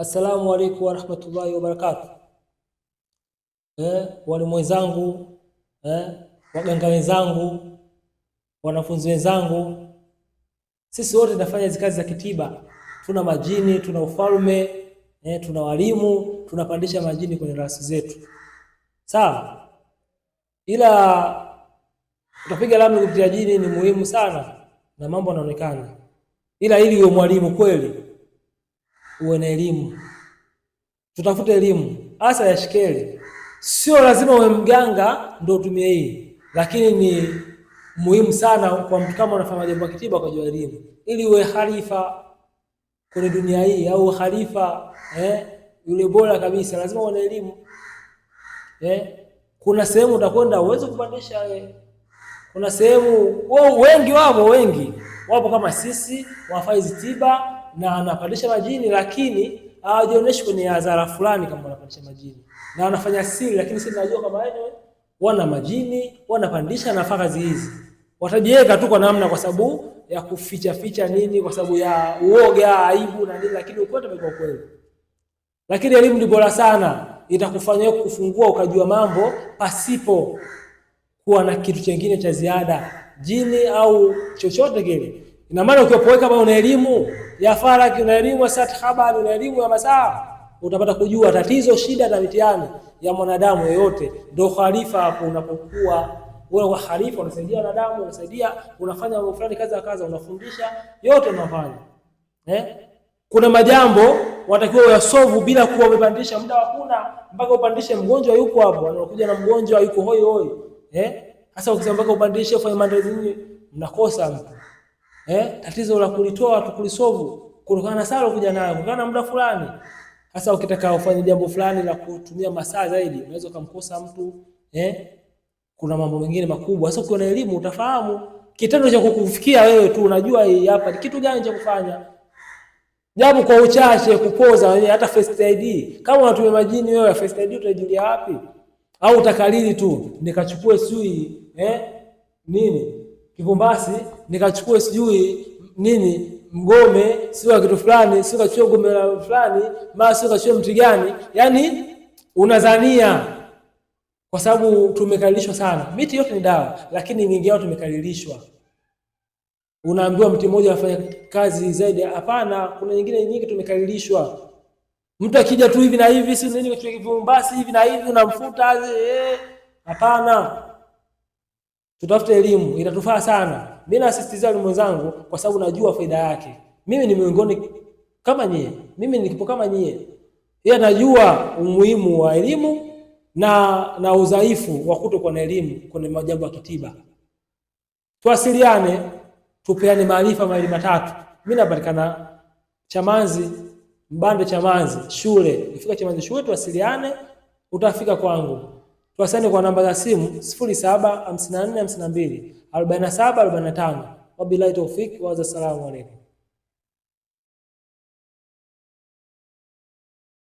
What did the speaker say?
Assalamu alaikum warahmatullahi wabarakatuh. Eh, walimu wenzangu eh, waganga wenzangu, wanafunzi wenzangu, sisi wote tunafanya hizo kazi za kitiba. Tuna majini, tuna ufalme eh, tuna walimu, tunapandisha majini kwenye rasi zetu, sawa. Ila utapiga ramli kupitia jini ni muhimu sana na mambo yanaonekana, ila ili uwe mwalimu kweli uwe na elimu, tutafute elimu hasa ya shikeli. Sio lazima uwe mganga ndio utumie hii, lakini ni muhimu sana kwa mtu kama unafanya jambo la kitiba ukajua elimu, ili uwe khalifa kwenye dunia hii au khalifa eh, yule bora kabisa, lazima uwe na elimu eh. Kuna sehemu utakwenda uweze kupandisha eh. Kuna sehemu wengi wapo, wengi wapo kama sisi wafaizi tiba na anapandisha majini, lakini hawajionyeshi kwenye hadhara fulani kama wanapandisha majini, na wanafanya siri, lakini sisi tunajua kama wenyewe wana majini, wanapandisha nafaka hizi, watajiweka tu kwa namna, kwa sababu ya kuficha ficha nini, kwa sababu ya uoga, aibu na nini, lakini ukweli umekuwa kweli. Lakini elimu ni bora sana, itakufanya wewe kufungua ukajua mambo pasipo kuwa na kitu kingine cha ziada, jini au chochote kile. Ina maana ukiwapoweka bao na elimu ya faraki, una elimu ya sati habari, una elimu ya masaa, utapata kujua tatizo, shida na mitihani ya mwanadamu yoyote. Ndio khalifa hapo, unapokuwa wewe kwa khalifa, unasaidia wanadamu, unasaidia, unafanya mambo fulani, kaza kaza, unafundisha yote unafanya eh? Kuna majambo watakiwa uyasovu bila kuwa umepandisha muda, hakuna mpaka upandishe. Mgonjwa yuko hapo, anakuja na mgonjwa yuko hoi hoi, eh? Sasa ukisema mpaka upandishe, fanya maandalizi, mnakosa mtu eh, tatizo la kulitoa kulisovu kutokana na sala kuja nayo kutokana na muda fulani. Sasa ukitaka ufanye jambo fulani la kutumia masaa zaidi, unaweza kumkosa mtu eh, kuna mambo mengine makubwa. Sasa ukiona elimu utafahamu kitendo cha kukufikia wewe tu unajua hii hapa ni kitu gani cha kufanya. jambo kwa uchache kupoza wewe hata first aid. Kama unatumia majini wewe first aid utajulia wapi? Au utakalili tu nikachukue sui eh nini? Kikumbasi, nikachukue sijui nini mgome, sio kitu fulani, sio kachukua gome la fulani, mara sio kachukua mti gani, yani unadhania kwa sababu tumekalilishwa sana. Miti yote ni dawa, lakini mingi yao tumekalilishwa. Unaambiwa mti mmoja afanye kazi zaidi, hapana. Kuna nyingine nyingi tumekalilishwa. Mtu akija tu hivi na hivi, si nini, kachukua kivumba basi hivi na hivi, unamfuta eh. hapana tutafute elimu, itatufaa sana. Mimi nasisitiza ni zangu kwa sababu najua faida yake. Mimi ni miongoni kama nyie, mimi nikipo kama nyie, yeye najua umuhimu wa elimu na na udhaifu wa kutokuwa na elimu kwenye majambo ya kitiba. Tuwasiliane, tupeane maarifa mawili matatu. Mimi napatikana Chamanzi Mbande, Chamanzi shule. Ukifika Chamanzi shule, tuwasiliane, utafika kwangu. Tuwasiliane kwa namba za simu 0754524745. 4745. Wabillahi taufiki wa wassalamu alaykum.